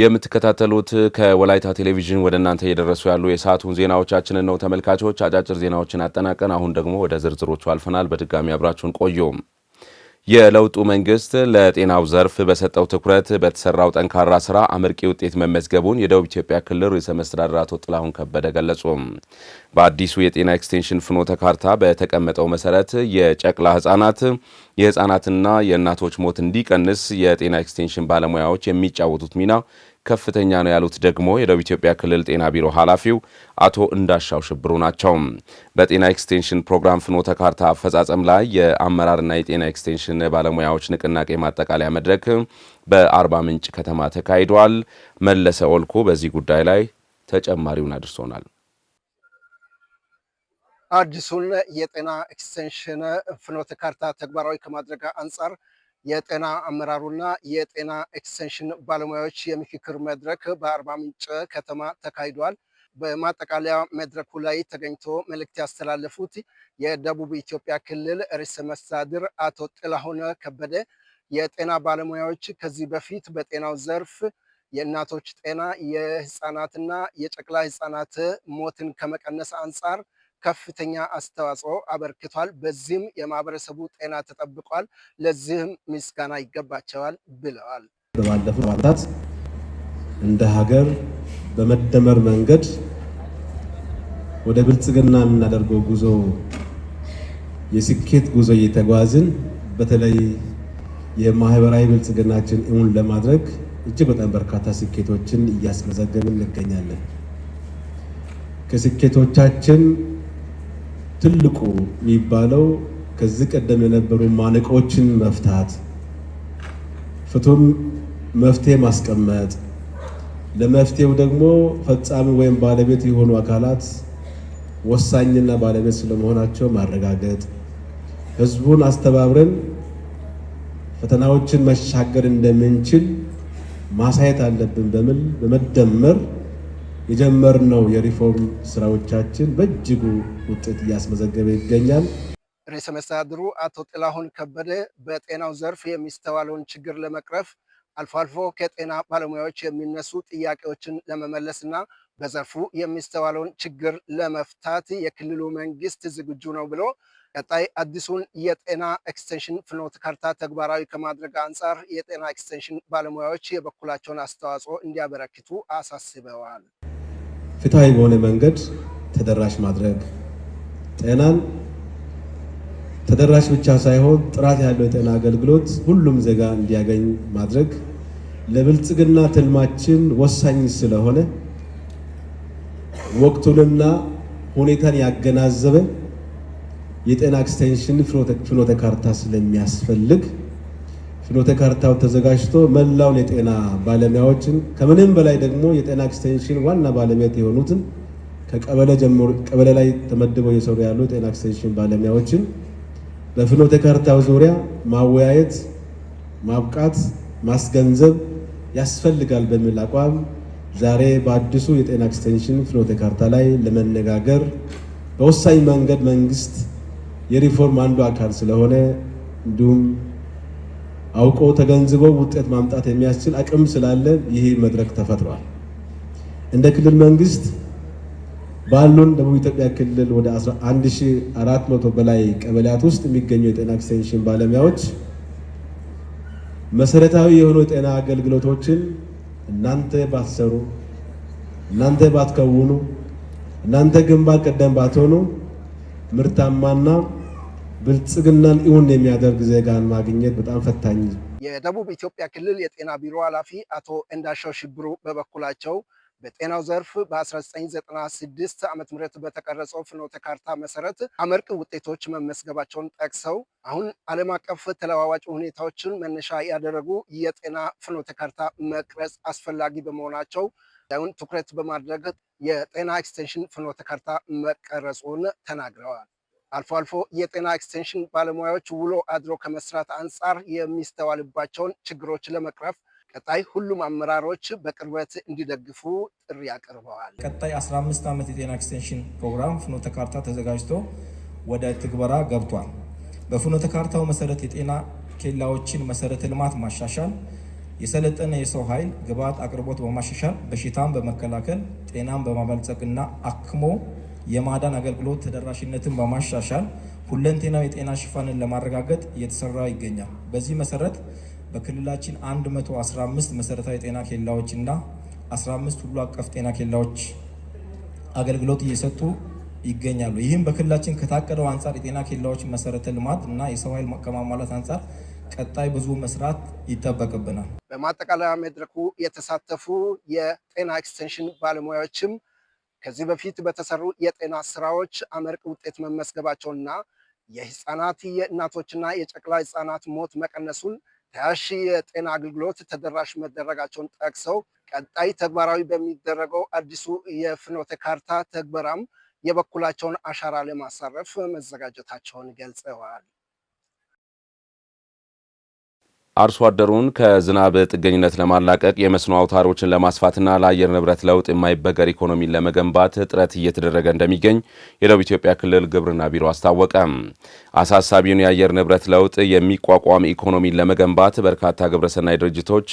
የምትከታተሉት ከወላይታ ቴሌቪዥን ወደ እናንተ እየደረሱ ያሉ የሰዓቱን ዜናዎቻችንን ነው። ተመልካቾች አጫጭር ዜናዎችን አጠናቀን አሁን ደግሞ ወደ ዝርዝሮቹ አልፈናል። በድጋሚ አብራችሁን ቆዩም የለውጡ መንግስት ለጤናው ዘርፍ በሰጠው ትኩረት በተሰራው ጠንካራ ስራ አመርቂ ውጤት መመዝገቡን የደቡብ ኢትዮጵያ ክልል ርዕሰ መስተዳድር አቶ ጥላሁን ከበደ ገለጹ። በአዲሱ የጤና ኤክስቴንሽን ፍኖተ ካርታ በተቀመጠው መሰረት የጨቅላ ህጻናት የህጻናትና የእናቶች ሞት እንዲቀንስ የጤና ኤክስቴንሽን ባለሙያዎች የሚጫወቱት ሚና ከፍተኛ ነው ያሉት ደግሞ የደቡብ ኢትዮጵያ ክልል ጤና ቢሮ ኃላፊው አቶ እንዳሻው ሽብሩ ናቸው። በጤና ኤክስቴንሽን ፕሮግራም ፍኖተ ካርታ አፈጻጸም ላይ የአመራርና የጤና ኤክስቴንሽን ባለሙያዎች ንቅናቄ ማጠቃለያ መድረክ በአርባ ምንጭ ከተማ ተካሂዷል። መለሰ ኦልኮ በዚህ ጉዳይ ላይ ተጨማሪውን አድርሶናል። አዲሱን የጤና ኤክስቴንሽን ፍኖተ ካርታ ተግባራዊ ከማድረግ አንጻር የጤና አመራሩና የጤና ኤክስቴንሽን ባለሙያዎች የምክክር መድረክ በአርባ ምንጭ ከተማ ተካሂዷል። በማጠቃለያ መድረኩ ላይ ተገኝቶ መልእክት ያስተላለፉት የደቡብ ኢትዮጵያ ክልል ርዕሰ መስተዳድር አቶ ጥላሁን ከበደ የጤና ባለሙያዎች ከዚህ በፊት በጤናው ዘርፍ የእናቶች ጤና የህፃናትና የጨቅላ ህፃናት ሞትን ከመቀነስ አንጻር ከፍተኛ አስተዋጽኦ አበርክቷል። በዚህም የማህበረሰቡ ጤና ተጠብቋል፣ ለዚህም ምስጋና ይገባቸዋል ብለዋል። በባለፉት ዓመታት እንደ ሀገር በመደመር መንገድ ወደ ብልጽግና የምናደርገው ጉዞ የስኬት ጉዞ እየተጓዝን በተለይ የማህበራዊ ብልጽግናችን እውን ለማድረግ እጅግ በጣም በርካታ ስኬቶችን እያስመዘገብን እንገኛለን። ከስኬቶቻችን ትልቁ የሚባለው ከዚህ ቀደም የነበሩ ማነቆችን መፍታት፣ ፍቱን መፍትሄ ማስቀመጥ፣ ለመፍትሄው ደግሞ ፈጻሚ ወይም ባለቤት የሆኑ አካላት ወሳኝና ባለቤት ስለመሆናቸው ማረጋገጥ፣ ህዝቡን አስተባብረን ፈተናዎችን መሻገር እንደምንችል ማሳየት አለብን በሚል በመደመር የጀመርነው የሪፎርም ስራዎቻችን በእጅጉ ውጤት እያስመዘገበ ይገኛል። ርዕሰ መስተዳድሩ አቶ ጥላሁን ከበደ በጤናው ዘርፍ የሚስተዋለውን ችግር ለመቅረፍ አልፎ አልፎ ከጤና ባለሙያዎች የሚነሱ ጥያቄዎችን ለመመለስና በዘርፉ የሚስተዋለውን ችግር ለመፍታት የክልሉ መንግስት ዝግጁ ነው ብሎ ቀጣይ አዲሱን የጤና ኤክስቴንሽን ፍኖት ካርታ ተግባራዊ ከማድረግ አንጻር የጤና ኤክስቴንሽን ባለሙያዎች የበኩላቸውን አስተዋጽኦ እንዲያበረክቱ አሳስበዋል። ፍትሐዊ በሆነ መንገድ ተደራሽ ማድረግ ጤናን ተደራሽ ብቻ ሳይሆን ጥራት ያለው የጤና አገልግሎት ሁሉም ዜጋ እንዲያገኝ ማድረግ ለብልጽግና ትልማችን ወሳኝ ስለሆነ ወቅቱንና ሁኔታን ያገናዘበ የጤና ኤክስቴንሽን ፍኖተ ካርታ ስለሚያስፈልግ ፍኖተ ካርታው ተዘጋጅቶ መላውን የጤና ባለሙያዎችን ከምንም በላይ ደግሞ የጤና ኤክስቴንሽን ዋና ባለቤት የሆኑትን ከቀበሌ ጀምሮ ቀበሌ ላይ ተመድበው እየሰሩ ያሉ የጤና ኤክስቴንሽን ባለሙያዎችን በፍኖተ ካርታው ዙሪያ ማወያየት፣ ማብቃት፣ ማስገንዘብ ያስፈልጋል በሚል አቋም ዛሬ በአዲሱ የጤና ኤክስቴንሽን ፍኖተ ካርታ ላይ ለመነጋገር በወሳኝ መንገድ መንግስት የሪፎርም አንዱ አካል ስለሆነ እንዲሁም አውቆ ተገንዝቦ ውጤት ማምጣት የሚያስችል አቅም ስላለ ይህ መድረክ ተፈጥሯል። እንደ ክልል መንግስት ባሉን ደቡብ ኢትዮጵያ ክልል ወደ 1400 በላይ ቀበሌያት ውስጥ የሚገኙ የጤና ኤክስቴንሽን ባለሙያዎች መሰረታዊ የሆኑ የጤና አገልግሎቶችን እናንተ ባትሰሩ፣ እናንተ ባትከውኑ፣ እናንተ ግንባር ቀደም ባትሆኑ ምርታማና ብልጽግናን እውን የሚያደርግ ዜጋን ማግኘት በጣም ፈታኝ። የደቡብ ኢትዮጵያ ክልል የጤና ቢሮ ኃላፊ አቶ እንዳሻው ሽብሩ በበኩላቸው በጤናው ዘርፍ በ1996 ዓ ም በተቀረጸው ፍኖተ ካርታ መሰረት አመርቅ ውጤቶች መመስገባቸውን ጠቅሰው አሁን ዓለም አቀፍ ተለዋዋጭ ሁኔታዎችን መነሻ ያደረጉ የጤና ፍኖተ ካርታ መቅረጽ አስፈላጊ በመሆናቸው ላዩን ትኩረት በማድረግ የጤና ኤክስቴንሽን ፍኖተ ካርታ መቀረጹን ተናግረዋል። አልፎ አልፎ የጤና ኤክስቴንሽን ባለሙያዎች ውሎ አድሮ ከመስራት አንጻር የሚስተዋልባቸውን ችግሮች ለመቅረፍ ቀጣይ ሁሉም አመራሮች በቅርበት እንዲደግፉ ጥሪ አቅርበዋል። ቀጣይ 15 ዓመት የጤና ኤክስቴንሽን ፕሮግራም ፍኖተ ካርታ ተዘጋጅቶ ወደ ትግበራ ገብቷል። በፍኖተ ካርታው መሰረት የጤና ኬላዎችን መሰረተ ልማት ማሻሻል፣ የሰለጠነ የሰው ኃይል ግብዓት አቅርቦት በማሻሻል በሽታን በመከላከል ጤናን በማበልጸግና አክሞ የማዳን አገልግሎት ተደራሽነትን በማሻሻል ሁለንቴናዊ የጤና ሽፋንን ለማረጋገጥ እየተሰራ ይገኛል። በዚህ መሰረት በክልላችን 115 መሰረታዊ ጤና ኬላዎች እና 15 ሁሉ አቀፍ ጤና ኬላዎች አገልግሎት እየሰጡ ይገኛሉ። ይህም በክልላችን ከታቀደው አንጻር የጤና ኬላዎች መሰረተ ልማት እና የሰው ኃይል ከማሟላት አንጻር ቀጣይ ብዙ መስራት ይጠበቅብናል። በማጠቃለያ መድረኩ የተሳተፉ የጤና ኤክስቴንሽን ባለሙያዎችም ከዚህ በፊት በተሰሩ የጤና ስራዎች አመርቅ ውጤት መመስገባቸውና የህፃናት የእናቶችና የጨቅላ ህፃናት ሞት መቀነሱን ተያያዥ የጤና አገልግሎት ተደራሽ መደረጋቸውን ጠቅሰው ቀጣይ ተግባራዊ በሚደረገው አዲሱ የፍኖተ ካርታ ተግበራም የበኩላቸውን አሻራ ለማሳረፍ መዘጋጀታቸውን ገልጸዋል። አርሶ አደሩን ከዝናብ ጥገኝነት ለማላቀቅ የመስኖ አውታሮችን ለማስፋትና ለአየር ንብረት ለውጥ የማይበገር ኢኮኖሚን ለመገንባት ጥረት እየተደረገ እንደሚገኝ የደቡብ ኢትዮጵያ ክልል ግብርና ቢሮ አስታወቀ። አሳሳቢውን የአየር ንብረት ለውጥ የሚቋቋም ኢኮኖሚን ለመገንባት በርካታ ግብረሰናይ ድርጅቶች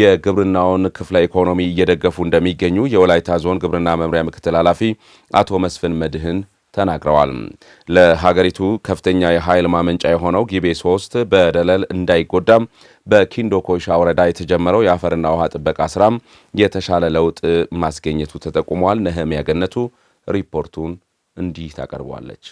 የግብርናውን ክፍለ ኢኮኖሚ እየደገፉ እንደሚገኙ የወላይታ ዞን ግብርና መምሪያ ምክትል ኃላፊ አቶ መስፍን መድህን ተናግረዋል። ለሀገሪቱ ከፍተኛ የኃይል ማመንጫ የሆነው ጊቤ 3 በደለል እንዳይጎዳ በኪንዶ ኮይሻ ወረዳ የተጀመረው የአፈርና ውሃ ጥበቃ ስራ የተሻለ ለውጥ ማስገኘቱ ተጠቁሟል። ነህም ያገነቱ ሪፖርቱን እንዲህ ታቀርቧለች።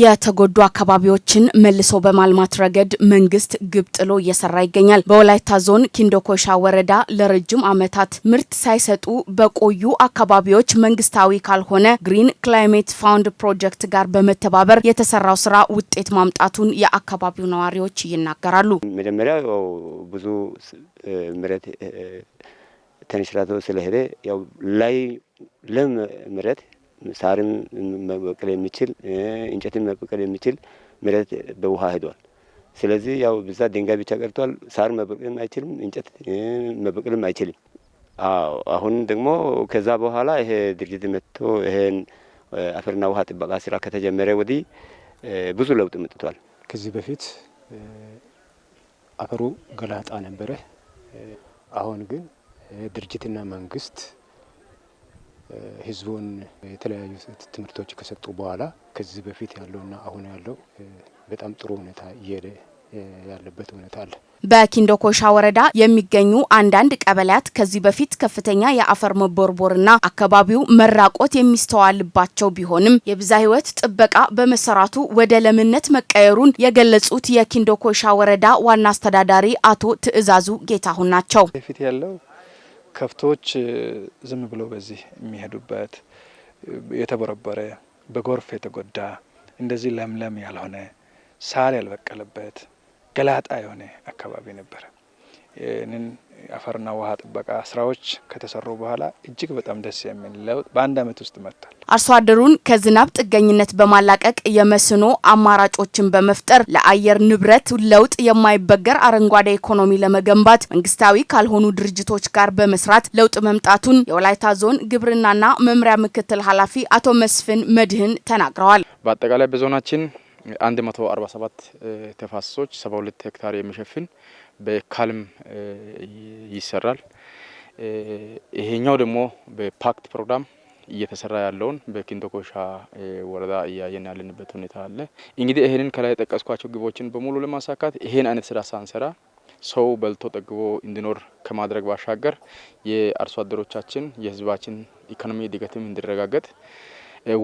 የተጎዱ አካባቢዎችን መልሶ በማልማት ረገድ መንግስት ግብ ጥሎ እየሰራ ይገኛል። በወላይታ ዞን ኪንዶኮሻ ወረዳ ለረጅም ዓመታት ምርት ሳይሰጡ በቆዩ አካባቢዎች መንግስታዊ ካልሆነ ግሪን ክላይሜት ፋውንድ ፕሮጀክት ጋር በመተባበር የተሰራው ስራ ውጤት ማምጣቱን የአካባቢው ነዋሪዎች ይናገራሉ። መጀመሪያ ብዙ ምረት ተንሽራቶ ስለሄደ ያው ላይ ለም ምረት ሳርም መበቀል የሚችል እንጨትን መበቀል የሚችል መሬት በውሃ ሄዷል። ስለዚህ ያው ብዛት ድንጋይ ብቻ ቀርቷል። ሳር መበቀልም አይችልም፣ እንጨት መበቀልም አይችልም። አዎ አሁን ደግሞ ከዛ በኋላ ይሄ ድርጅት መጥቶ ይሄን አፈርና ውሃ ጥበቃ ስራ ከተጀመረ ወዲህ ብዙ ለውጥ መጥቷል። ከዚህ በፊት አፈሩ ገላጣ ነበረ። አሁን ግን ድርጅትና መንግስት ህዝቡን የተለያዩ ትምህርቶች ከሰጡ በኋላ ከዚህ በፊት ያለውና አሁን ያለው በጣም ጥሩ ሁኔታ እየሄደ ያለበት እውነት አለ። በኪንዶኮሻ ወረዳ የሚገኙ አንዳንድ ቀበሌያት ከዚህ በፊት ከፍተኛ የአፈር መቦርቦርና አካባቢው መራቆት የሚስተዋልባቸው ቢሆንም የብዝሃ ሕይወት ጥበቃ በመሰራቱ ወደ ለምነት መቀየሩን የገለጹት የኪንዶኮሻ ወረዳ ዋና አስተዳዳሪ አቶ ትዕዛዙ ጌታሁን ናቸው። በፊት ያለው ከብቶች ዝም ብሎ በዚህ የሚሄዱበት የተቦረቦረ፣ በጎርፍ የተጎዳ፣ እንደዚህ ለምለም ያልሆነ ሳር ያልበቀለበት ገላጣ የሆነ አካባቢ ነበር። ይህንን አፈርና ውሃ ጥበቃ ስራዎች ከተሰሩ በኋላ እጅግ በጣም ደስ የሚል ለውጥ በአንድ ዓመት ውስጥ መጥቷል። አርሶ አደሩን ከዝናብ ጥገኝነት በማላቀቅ የመስኖ አማራጮችን በመፍጠር ለአየር ንብረት ለውጥ የማይበገር አረንጓዴ ኢኮኖሚ ለመገንባት መንግስታዊ ካልሆኑ ድርጅቶች ጋር በመስራት ለውጥ መምጣቱን የወላይታ ዞን ግብርናና መምሪያ ምክትል ኃላፊ አቶ መስፍን መድህን ተናግረዋል። በአጠቃላይ በዞናችን 147 ተፋሰሶች 72 ሄክታር የሚሸፍን በካልም ይሰራል። ይሄኛው ደግሞ በፓክት ፕሮግራም እየተሰራ ያለውን በኪንቶኮሻ ወረዳ እያየን ያለንበት ሁኔታ አለ። እንግዲህ ይህንን ከላይ የጠቀስኳቸው ግቦችን በሙሉ ለማሳካት ይሄን አይነት ስራ ሳንሰራ ሰው በልቶ ጠግቦ እንዲኖር ከማድረግ ባሻገር የአርሶ አደሮቻችን የህዝባችን ኢኮኖሚ እድገትም እንዲረጋገጥ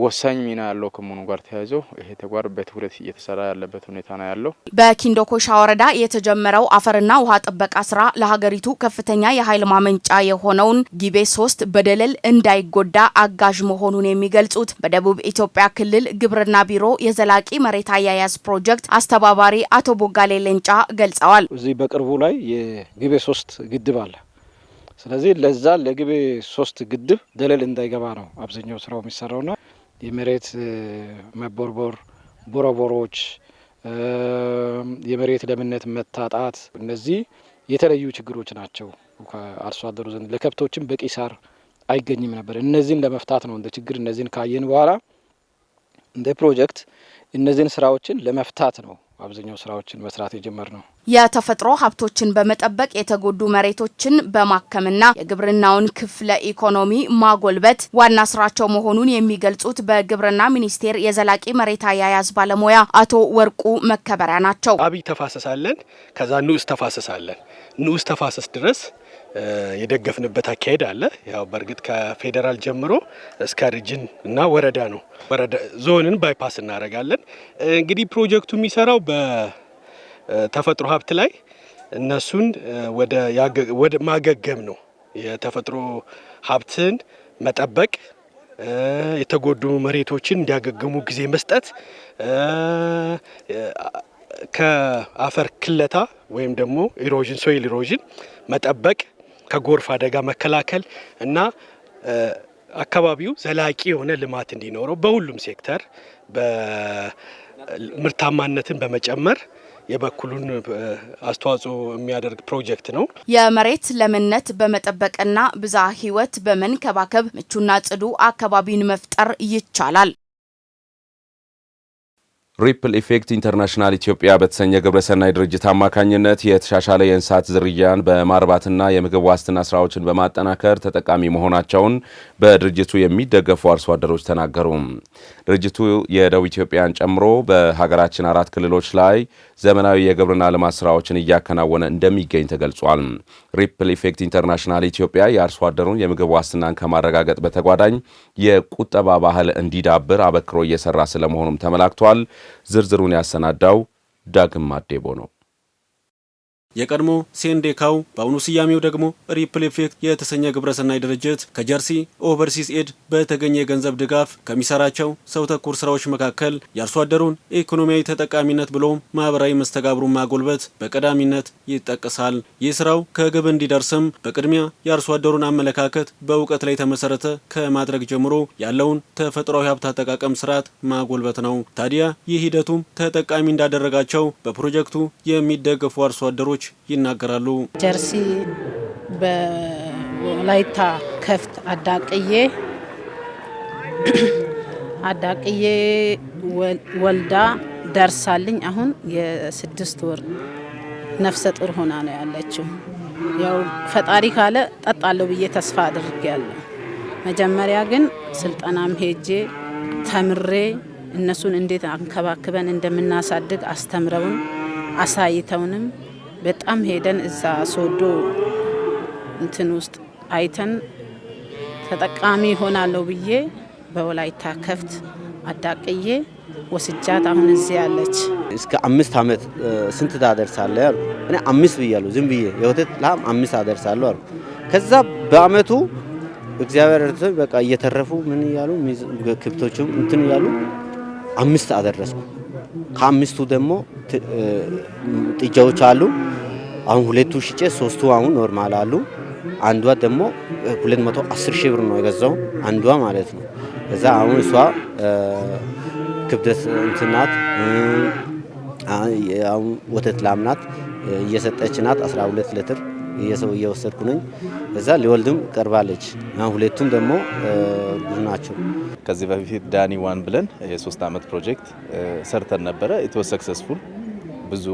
ወሳኝ ሚና ያለው ከመሆኑ ጋር ተያይዞ ይሄ ተግባር በትኩረት እየተሰራ ያለበት ሁኔታ ነው ያለው። በኪንዶኮሻ ወረዳ የተጀመረው አፈርና ውሃ ጥበቃ ስራ ለሀገሪቱ ከፍተኛ የኃይል ማመንጫ የሆነውን ጊቤ ሶስት በደለል እንዳይጎዳ አጋዥ መሆኑን የሚገልጹት በደቡብ ኢትዮጵያ ክልል ግብርና ቢሮ የዘላቂ መሬት አያያዝ ፕሮጀክት አስተባባሪ አቶ ቦጋሌ ሌንጫ ገልጸዋል። እዚህ በቅርቡ ላይ የጊቤ ሶስት ግድብ አለ ስለዚህ ለዛ ለግቤ ሶስት ግድብ ደለል እንዳይገባ ነው አብዛኛው ስራው የሚሰራውና የመሬት መቦርቦር፣ ቦረቦሮች፣ የመሬት ለምነት መታጣት እነዚህ የተለዩ ችግሮች ናቸው። ከአርሶ አደሩ ዘንድ ለከብቶችም በቂ ሳር አይገኝም ነበር። እነዚህን ለመፍታት ነው እንደ ችግር እነዚህን ካየን በኋላ እንደ ፕሮጀክት እነዚህን ስራዎችን ለመፍታት ነው አብዛኛው ስራዎችን መስራት የጀመር ነው። የተፈጥሮ ሀብቶችን በመጠበቅ የተጎዱ መሬቶችን በማከምና የግብርናውን ክፍለ ኢኮኖሚ ማጎልበት ዋና ስራቸው መሆኑን የሚገልጹት በግብርና ሚኒስቴር የዘላቂ መሬት አያያዝ ባለሙያ አቶ ወርቁ መከበሪያ ናቸው። አብይ ተፋሰሳለን፣ ከዛ ንዑስ ተፋሰሳለን። ንዑስ ተፋሰስ ድረስ የደገፍንበት አካሄድ አለ። ያው በእርግጥ ከፌዴራል ጀምሮ እስከ ሪጅን እና ወረዳ ነው። ወረዳ ዞንን ባይፓስ እናደርጋለን። እንግዲህ ፕሮጀክቱ የሚሰራው በ ተፈጥሮ ሀብት ላይ እነሱን ወደ ማገገም ነው። የተፈጥሮ ሀብትን መጠበቅ፣ የተጎዱ መሬቶችን እንዲያገግሙ ጊዜ መስጠት፣ ከአፈር ክለታ ወይም ደግሞ ኢሮዥን ሶይል ኢሮዥን መጠበቅ፣ ከጎርፍ አደጋ መከላከል እና አካባቢው ዘላቂ የሆነ ልማት እንዲኖረው በሁሉም ሴክተር ምርታማነትን በመጨመር የበኩሉን አስተዋጽኦ የሚያደርግ ፕሮጀክት ነው። የመሬት ለምነት በመጠበቅና ብዝሃ ህይወት በመንከባከብ ምቹና ጽዱ አካባቢን መፍጠር ይቻላል። ሪፕል ኢፌክት ኢንተርናሽናል ኢትዮጵያ በተሰኘ ግብረሰናይ ድርጅት አማካኝነት የተሻሻለ የእንስሳት ዝርያን በማርባትና የምግብ ዋስትና ስራዎችን በማጠናከር ተጠቃሚ መሆናቸውን በድርጅቱ የሚደገፉ አርሶ አደሮች ተናገሩ። ድርጅቱ የደቡብ ኢትዮጵያን ጨምሮ በሀገራችን አራት ክልሎች ላይ ዘመናዊ የግብርና ልማት ስራዎችን እያከናወነ እንደሚገኝ ተገልጿል። ሪፕል ኢፌክት ኢንተርናሽናል ኢትዮጵያ የአርሶ አደሩን የምግብ ዋስትናን ከማረጋገጥ በተጓዳኝ የቁጠባ ባህል እንዲዳብር አበክሮ እየሰራ ስለመሆኑም ተመላክቷል። ዝርዝሩን ያሰናዳው ዳግም አዴቦ ነው። የቀድሞ ሴንዴካው በአሁኑ ስያሜው ደግሞ ሪፕል ኢፌክት የተሰኘ ግብረሰናይ ድርጅት ከጀርሲ ኦቨርሲስ ኤድ በተገኘ የገንዘብ ድጋፍ ከሚሰራቸው ሰው ተኮር ስራዎች መካከል የአርሶ አደሩን ኢኮኖሚያዊ ተጠቃሚነት ብሎም ማህበራዊ መስተጋብሩን ማጎልበት በቀዳሚነት ይጠቀሳል። ይህ ስራው ከግብ እንዲደርስም በቅድሚያ የአርሶ አደሩን አመለካከት በእውቀት ላይ ተመሰረተ ከማድረግ ጀምሮ ያለውን ተፈጥሯዊ ሀብት አጠቃቀም ስርዓት ማጎልበት ነው። ታዲያ ይህ ሂደቱም ተጠቃሚ እንዳደረጋቸው በፕሮጀክቱ የሚደገፉ አርሶ አደሮች ይናገራሉ። ጀርሲ በላይታ ከፍት አዳቅዬ አዳቅዬ ወልዳ ደርሳልኝ አሁን የስድስት ወር ነፍሰ ጡር ሆና ነው ያለችው። ያው ፈጣሪ ካለ ጠጣለሁ ብዬ ተስፋ አድርጌያለሁ። መጀመሪያ ግን ስልጠናም ሄጄ ተምሬ እነሱን እንዴት አንከባክበን እንደምናሳድግ አስተምረውን አሳይተውንም በጣም ሄደን እዛ ሶዶ እንትን ውስጥ አይተን ተጠቃሚ ይሆናለሁ ብዬ በወላይታ ከፍት አዳቅዬ ወስጃት አሁን እዚህ ያለች። እስከ አምስት ዓመት ስንት ታደርሳለ ያሉ እኔ አምስት ብያለሁ። ዝም ብዬ የወተት ላም አምስት አደርሳለሁ አሉ። ከዛ በአመቱ እግዚአብሔር ርቶ በቃ እየተረፉ ምን እያሉ ክብቶችም እንትን እያሉ አምስት አደረስኩ። ከአምስቱ ደግሞ ጥጃዎች አሉ። አሁን ሁለቱ ሽጬ ሶስቱ አሁን ኖርማል አሉ። አንዷ ደግሞ 210 ሺህ ብር ነው የገዛው አንዷ ማለት ነው። እዛ አሁን እሷ ክብደት እንትናት አሁን ወተት ላምናት እየሰጠች ናት 12 ሊትር እየሰው እየወሰድኩ ነኝ። እዛ ሊወልድም ቀርባለች። አሁን ሁለቱም ደግሞ ብዙ ናቸው። ከዚህ በፊት ዳኒ ዋን ብለን የሶስት ዓመት ፕሮጀክት ሰርተን ነበረ። ኢትወ ሰክሰስፉል ብዙ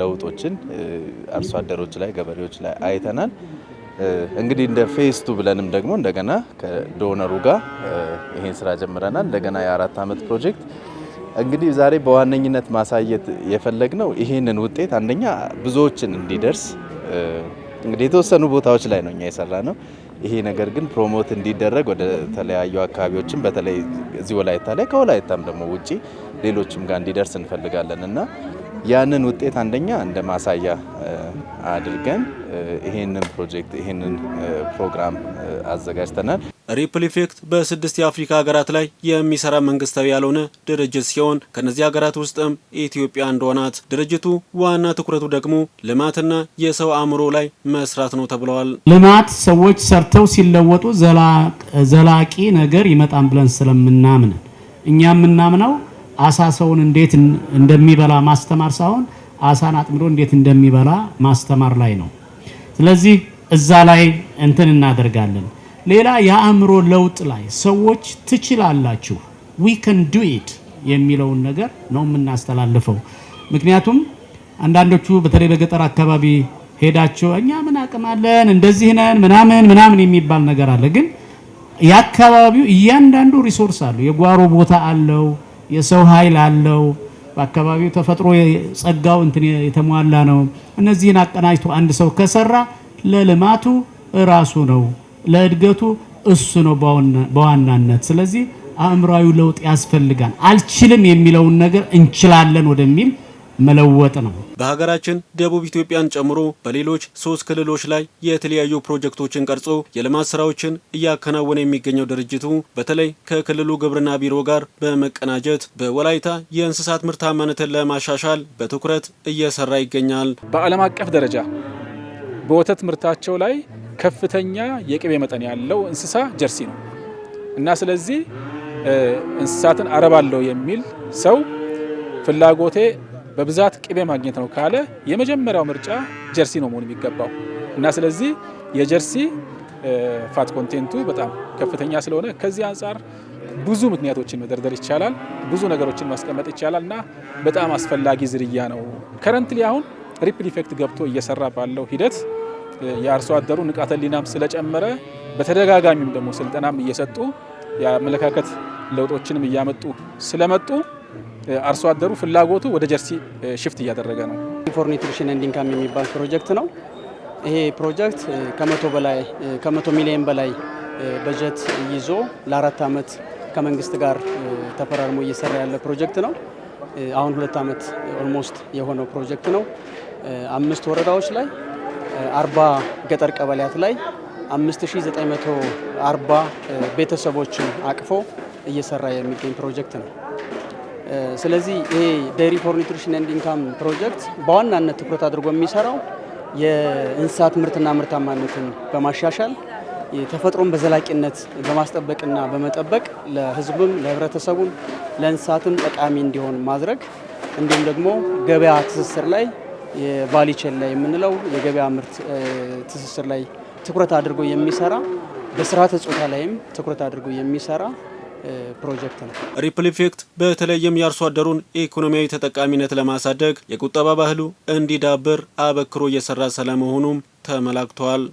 ለውጦችን አርሶ አደሮች ላይ ገበሬዎች ላይ አይተናል። እንግዲህ እንደ ፌስቱ ብለንም ደግሞ እንደገና ከዶነሩ ጋር ይሄን ስራ ጀምረናል። እንደገና የአራት ዓመት ፕሮጀክት እንግዲህ ዛሬ በዋነኝነት ማሳየት የፈለግነው ይህንን ውጤት አንደኛ ብዙዎችን እንዲደርስ እንግዲህ የተወሰኑ ቦታዎች ላይ ነው እኛ የሰራ ነው። ይሄ ነገር ግን ፕሮሞት እንዲደረግ ወደ ተለያዩ አካባቢዎችን በተለይ እዚህ ወላይታ ላይ ከወላይታም ደግሞ ውጪ ሌሎችም ጋር እንዲደርስ እንፈልጋለን እና ያንን ውጤት አንደኛ እንደ ማሳያ አድርገን ይሄንን ፕሮጀክት ይሄንን ፕሮግራም አዘጋጅተናል። ሪፕል ኢፌክት በስድስት የአፍሪካ ሀገራት ላይ የሚሰራ መንግስታዊ ያልሆነ ድርጅት ሲሆን ከነዚህ ሀገራት ውስጥም ኢትዮጵያ አንዷ ናት። ድርጅቱ ዋና ትኩረቱ ደግሞ ልማትና የሰው አእምሮ ላይ መስራት ነው ተብለዋል። ልማት ሰዎች ሰርተው ሲለወጡ ዘላቂ ነገር ይመጣን ብለን ስለምናምን እኛ የምናምነው አሳ ሰውን እንዴት እንደሚበላ ማስተማር ሳይሆን አሳን አጥምዶ እንዴት እንደሚበላ ማስተማር ላይ ነው። ስለዚህ እዛ ላይ እንትን እናደርጋለን። ሌላ የአእምሮ ለውጥ ላይ ሰዎች ትችላላችሁ፣ ዊ ከን ዱ ኢት የሚለውን ነገር ነው የምናስተላልፈው። ምክንያቱም አንዳንዶቹ በተለይ በገጠር አካባቢ ሄዳቸው እኛ ምን አቅም አለን እንደዚህ ነን ምናምን ምናምን የሚባል ነገር አለ። ግን የአካባቢው እያንዳንዱ ሪሶርስ አለው፣ የጓሮ ቦታ አለው የሰው ኃይል አለው። በአካባቢው ተፈጥሮ ጸጋው እንትን የተሟላ ነው። እነዚህን አቀናጅቶ አንድ ሰው ከሰራ ለልማቱ እራሱ ነው፣ ለእድገቱ እሱ ነው በዋናነት። ስለዚህ አእምራዊ ለውጥ ያስፈልጋል። አልችልም የሚለውን ነገር እንችላለን ወደሚል መለወጥ ነው። በሀገራችን ደቡብ ኢትዮጵያን ጨምሮ በሌሎች ሶስት ክልሎች ላይ የተለያዩ ፕሮጀክቶችን ቀርጾ የልማት ስራዎችን እያከናወነ የሚገኘው ድርጅቱ በተለይ ከክልሉ ግብርና ቢሮ ጋር በመቀናጀት በወላይታ የእንስሳት ምርታማነትን ለማሻሻል በትኩረት እየሰራ ይገኛል። በዓለም አቀፍ ደረጃ በወተት ምርታቸው ላይ ከፍተኛ የቅቤ መጠን ያለው እንስሳ ጀርሲ ነው እና ስለዚህ እንስሳትን አረባለሁ የሚል ሰው ፍላጎቴ በብዛት ቅቤ ማግኘት ነው ካለ የመጀመሪያው ምርጫ ጀርሲ ነው መሆን የሚገባው እና ስለዚህ የጀርሲ ፋት ኮንቴንቱ በጣም ከፍተኛ ስለሆነ ከዚህ አንጻር ብዙ ምክንያቶችን መደርደር ይቻላል፣ ብዙ ነገሮችን ማስቀመጥ ይቻላል እና በጣም አስፈላጊ ዝርያ ነው። ከረንትሊ አሁን ሪፕል ኢፌክት ገብቶ እየሰራ ባለው ሂደት የአርሶ አደሩ ንቃተ ሊናም ስለጨመረ በተደጋጋሚም ደግሞ ስልጠናም እየሰጡ የአመለካከት ለውጦችንም እያመጡ ስለመጡ አርሶ አደሩ ፍላጎቱ ወደ ጀርሲ ሽፍት እያደረገ ነው። ፎር ኒትሪሽን ኤንድ ኢንካም የሚባል ፕሮጀክት ነው። ይሄ ፕሮጀክት ከመቶ በላይ ከመቶ ሚሊዮን በላይ በጀት ይዞ ለአራት ዓመት ከመንግስት ጋር ተፈራርሞ እየሰራ ያለ ፕሮጀክት ነው። አሁን ሁለት ዓመት ኦልሞስት የሆነው ፕሮጀክት ነው። አምስት ወረዳዎች ላይ አርባ ገጠር ቀበሌያት ላይ 5940 ቤተሰቦችን አቅፎ እየሰራ የሚገኝ ፕሮጀክት ነው። ስለዚህ ይሄ ዴሪ ፎር ኒትሪሽን ኤንድ ኢንካም ፕሮጀክት በዋናነት ትኩረት አድርጎ የሚሰራው የእንስሳት ምርትና ምርታማነትን በማሻሻል ተፈጥሮን በዘላቂነት በማስጠበቅና በመጠበቅ ለህዝቡም ለሕብረተሰቡም ለእንስሳትም ጠቃሚ እንዲሆን ማድረግ እንዲሁም ደግሞ ገበያ ትስስር ላይ የቫሊ ላይ የምንለው የገበያ ምርት ትስስር ላይ ትኩረት አድርጎ የሚሰራ በስርዓተ ጾታ ላይም ትኩረት አድርጎ የሚሰራ ፕሮጀክት ነው። ሪፕል ኢፌክት በተለይም የአርሶ አደሩን ኢኮኖሚያዊ ተጠቃሚነት ለማሳደግ የቁጠባ ባህሉ እንዲዳብር አበክሮ እየሰራ ስለመሆኑም ተመላክቷል።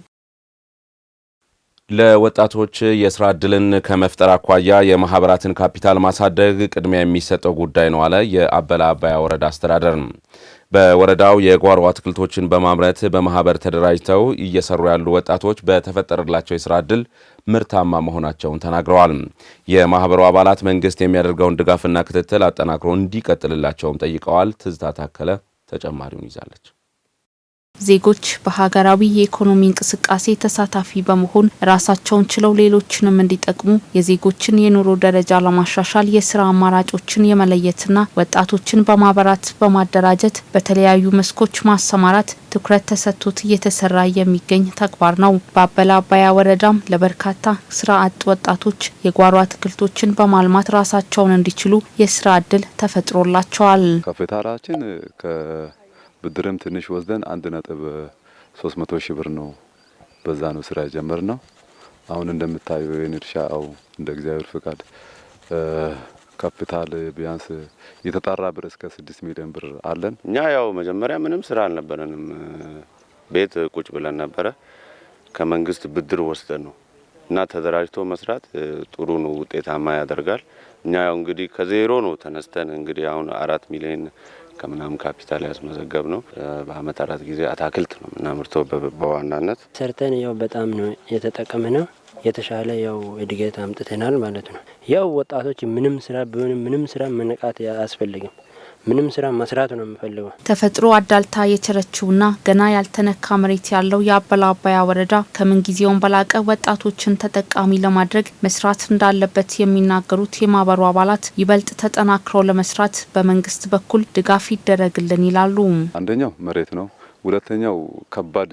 ለወጣቶች የስራ እድልን ከመፍጠር አኳያ የማህበራትን ካፒታል ማሳደግ ቅድሚያ የሚሰጠው ጉዳይ ነው አለ የአበላ አባያ ወረዳ አስተዳደር። በወረዳው የጓሮ አትክልቶችን በማምረት በማህበር ተደራጅተው እየሰሩ ያሉ ወጣቶች በተፈጠረላቸው የስራ እድል ምርታማ መሆናቸውን ተናግረዋል። የማህበሩ አባላት መንግስት የሚያደርገውን ድጋፍና ክትትል አጠናክሮ እንዲቀጥልላቸውም ጠይቀዋል። ትዝታ ታከለ ተጨማሪውን ይዛለች። ዜጎች በሀገራዊ የኢኮኖሚ እንቅስቃሴ ተሳታፊ በመሆን ራሳቸውን ችለው ሌሎችንም እንዲጠቅሙ የዜጎችን የኑሮ ደረጃ ለማሻሻል የስራ አማራጮችን የመለየትና ወጣቶችን በማህበራት በማደራጀት በተለያዩ መስኮች ማሰማራት ትኩረት ተሰጥቶት እየተሰራ የሚገኝ ተግባር ነው። በአበላ አባያ ወረዳም ለበርካታ ስራ አጥ ወጣቶች የጓሮ አትክልቶችን በማልማት ራሳቸውን እንዲችሉ የስራ እድል ተፈጥሮላቸዋል። ከፍታራችን ብድርም ትንሽ ወስደን አንድ ነጥብ ሶስት መቶ ሺህ ብር ነው። በዛ ነው ስራ የጀመር ነው። አሁን እንደምታየው ይህን እርሻው እንደ እግዚአብሔር ፍቃድ ካፒታል ቢያንስ የተጣራ ብር እስከ ስድስት ሚሊዮን ብር አለን። እኛ ያው መጀመሪያ ምንም ስራ አልነበረንም። ቤት ቁጭ ብለን ነበረ። ከመንግስት ብድር ወስደን ነው እና ተደራጅቶ መስራት ጥሩ ነው፣ ውጤታማ ያደርጋል። እኛ ያው እንግዲህ ከዜሮ ነው ተነስተን እንግዲህ አሁን አራት ሚሊዮን ከምናም ካፒታል ያስመዘገብ ነው። በአመት አራት ጊዜ አታክልት ነው የምናምርተው በዋናነት ሰርተን ያው በጣም ነው የተጠቀመ ነው የተሻለ ያው እድገት አምጥተናል ማለት ነው። ያው ወጣቶች ምንም ስራ ቢሆንም ምንም ስራ መነቃት አያስፈልግም። ምንም ስራ መስራት ነው የምፈልገው። ተፈጥሮ አዳልታ የቸረችውና ገና ያልተነካ መሬት ያለው የአበላ አባያ ወረዳ ከምንጊዜውን በላቀ ወጣቶችን ተጠቃሚ ለማድረግ መስራት እንዳለበት የሚናገሩት የማህበሩ አባላት ይበልጥ ተጠናክረው ለመስራት በመንግስት በኩል ድጋፍ ይደረግልን ይላሉ። አንደኛው መሬት ነው። ሁለተኛው ከባድ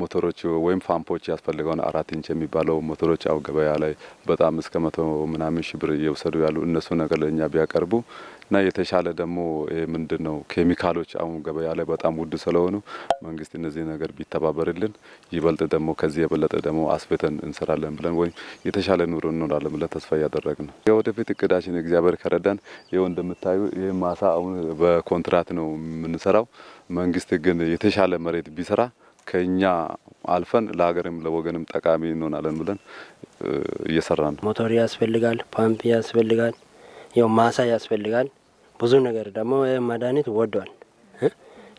ሞተሮች ወይም ፋምፖች ያስፈልገውን አራት ኢንች የሚባለው ሞተሮች አው ገበያ ላይ በጣም እስከ መቶ ምናምን ሺ ብር እየወሰዱ ያሉ እነሱ ነገር ለእኛ ቢያቀርቡ እና የተሻለ ደግሞ ምንድን ነው ኬሚካሎች አሁን ገበያ ላይ በጣም ውድ ስለሆኑ መንግስት እነዚህ ነገር ቢተባበርልን ይበልጥ ደግሞ ከዚህ የበለጠ ደግሞ አስቤተን እንሰራለን ብለን ወይም የተሻለ ኑሮ እንኖራለን ብለን ተስፋ እያደረግ ነው። የወደፊት እቅዳችን እግዚአብሔር ከረዳን ይኸው እንደምታዩ ይህ ማሳ አሁን በኮንትራት ነው የምንሰራው። መንግስት ግን የተሻለ መሬት ቢሰራ ከኛ አልፈን ለሀገርም ለወገንም ጠቃሚ እንሆናለን ብለን እየሰራ ነው። ሞተር ያስፈልጋል፣ ፓምፕ ያስፈልጋል፣ ያው ማሳ ያስፈልጋል። ብዙ ነገር ደግሞ መድኃኒት ወዷል።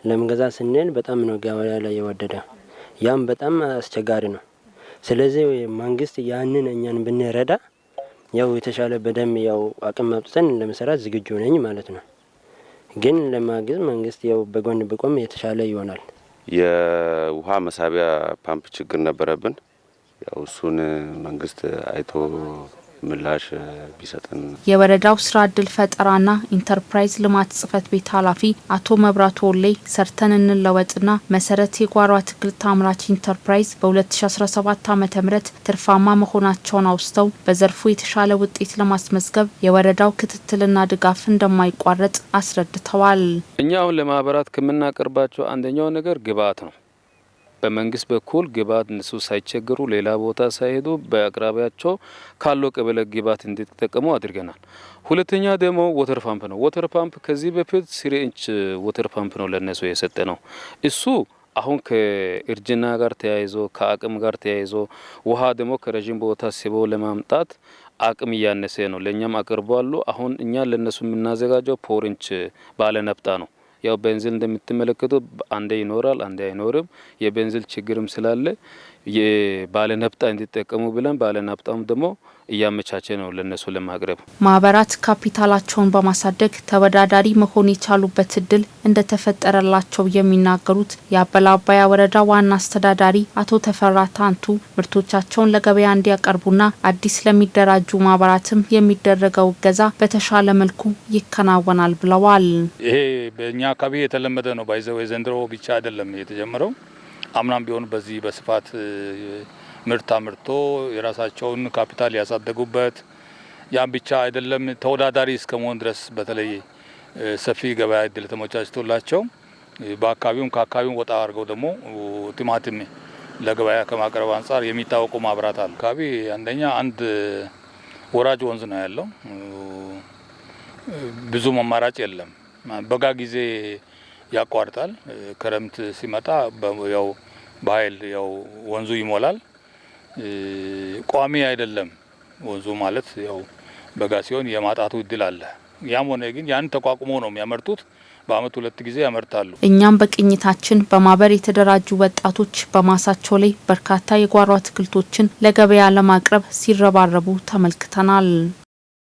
ለምገዛ ስንል በጣም ነው ገበያ ላይ የወደደ። ያም በጣም አስቸጋሪ ነው። ስለዚህ መንግስት ያንን እኛን ብንረዳ ያው የተሻለ በደንብ ያው አቅም አብጥተን ለመስራት ዝግጁ ነኝ ማለት ነው። ግን ለማግዝ መንግስት ያው በጎን ብቆም የተሻለ ይሆናል። የውሃ መሳቢያ ፓምፕ ችግር ነበረብን። ያው እሱን መንግስት አይቶ ምላሽ ቢሰጥን የወረዳው ስራ እድል ፈጠራና ኢንተርፕራይዝ ልማት ጽህፈት ቤት ኃላፊ አቶ መብራቱ ወሌ ሰርተን እንለወጥና መሰረት የጓሮ አትክልት አምራች ኢንተርፕራይዝ በ2017 ዓ ም ትርፋማ መሆናቸውን አውስተው በዘርፉ የተሻለ ውጤት ለማስመዝገብ የወረዳው ክትትልና ድጋፍ እንደማይቋረጥ አስረድተዋል። እኛ አሁን ለማህበራት ከምናቀርባቸው አንደኛው ነገር ግብአት ነው። በመንግስት በኩል ግብዓት እነሱ ሳይቸገሩ ሌላ ቦታ ሳይሄዱ በአቅራቢያቸው ካለው ቀበሌ ግብዓት እንዲጠቀሙ አድርገናል። ሁለተኛ ደግሞ ወተር ፓምፕ ነው። ወተር ፓምፕ ከዚህ በፊት ስሪ ኢንች ወተር ፓምፕ ነው ለእነሱ የሰጠ ነው። እሱ አሁን ከእርጅና ጋር ተያይዞ ከአቅም ጋር ተያይዞ ውሃ ደግሞ ከረዥም ቦታ ስቦ ለማምጣት አቅም እያነሰ ነው። ለእኛም አቅርቧሉ። አሁን እኛ ለእነሱ የምናዘጋጀው ፖርንች ባለነብጣ ነው። ያው ቤንዚን እንደምትመለከቱ አንዴ ይኖራል፣ አንዴ አይኖርም። የቤንዚን ችግርም ስላለ የባለናፍጣ እንዲጠቀሙ ብለን ባለናፍጣም ደግሞ እያመቻቸ ነው ለነሱ ለማቅረብ። ማህበራት ካፒታላቸውን በማሳደግ ተወዳዳሪ መሆን የቻሉበት እድል እንደተፈጠረላቸው የሚናገሩት የአበላባያ ወረዳ ዋና አስተዳዳሪ አቶ ተፈራ ታንቱ ምርቶቻቸውን ለገበያ እንዲያቀርቡና አዲስ ለሚደራጁ ማህበራትም የሚደረገው እገዛ በተሻለ መልኩ ይከናወናል ብለዋል። ይሄ በእኛ አካባቢ የተለመደ ነው። ባይዘው የዘንድሮ ብቻ አይደለም የተጀመረው አምናም ቢሆን በዚህ በስፋት ምርት አምርቶ የራሳቸውን ካፒታል ያሳደጉበት ያም ብቻ አይደለም፣ ተወዳዳሪ እስከ መሆን ድረስ በተለይ ሰፊ ገበያ እድል ተመቻችቶላቸው በአካባቢውም ከአካባቢውም ወጣ አድርገው ደግሞ ቲማቲም ለገበያ ከማቅረብ አንጻር የሚታወቁ ማብራት አሉ። አካባቢ አንደኛ አንድ ወራጅ ወንዝ ነው ያለው። ብዙ መማራጭ የለም። በጋ ጊዜ ያቋርጣል። ክረምት ሲመጣ ያው በኃይል ያው ወንዙ ይሞላል። ቋሚ አይደለም ወንዙ ማለት ያው በጋ ሲሆን የማጣቱ እድል አለ። ያም ሆነ ግን ያን ተቋቁሞ ነው የሚያመርቱት። በአመት ሁለት ጊዜ ያመርታሉ። እኛም በቅኝታችን በማህበር የተደራጁ ወጣቶች በማሳቸው ላይ በርካታ የጓሮ አትክልቶችን ለገበያ ለማቅረብ ሲረባረቡ ተመልክተናል።